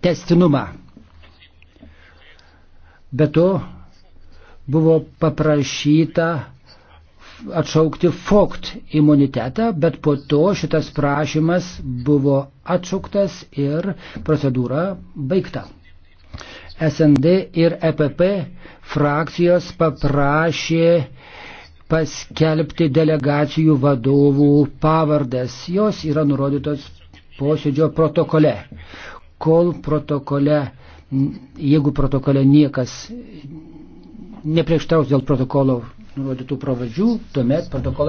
testinumą. Be to buvo paprašyta atšaukti FOKT imunitetą, bet po to šitas prašymas buvo atšauktas ir procedūra baigta. SND ir EPP frakcijos paprašė paskelbti delegacijų vadovų pavardės. Jos yra nurodytos posėdžio protokole kol protokole, jeigu protokole niekas neprieštaus dėl protokolo nurodytų pravadžių, tuomet protokolo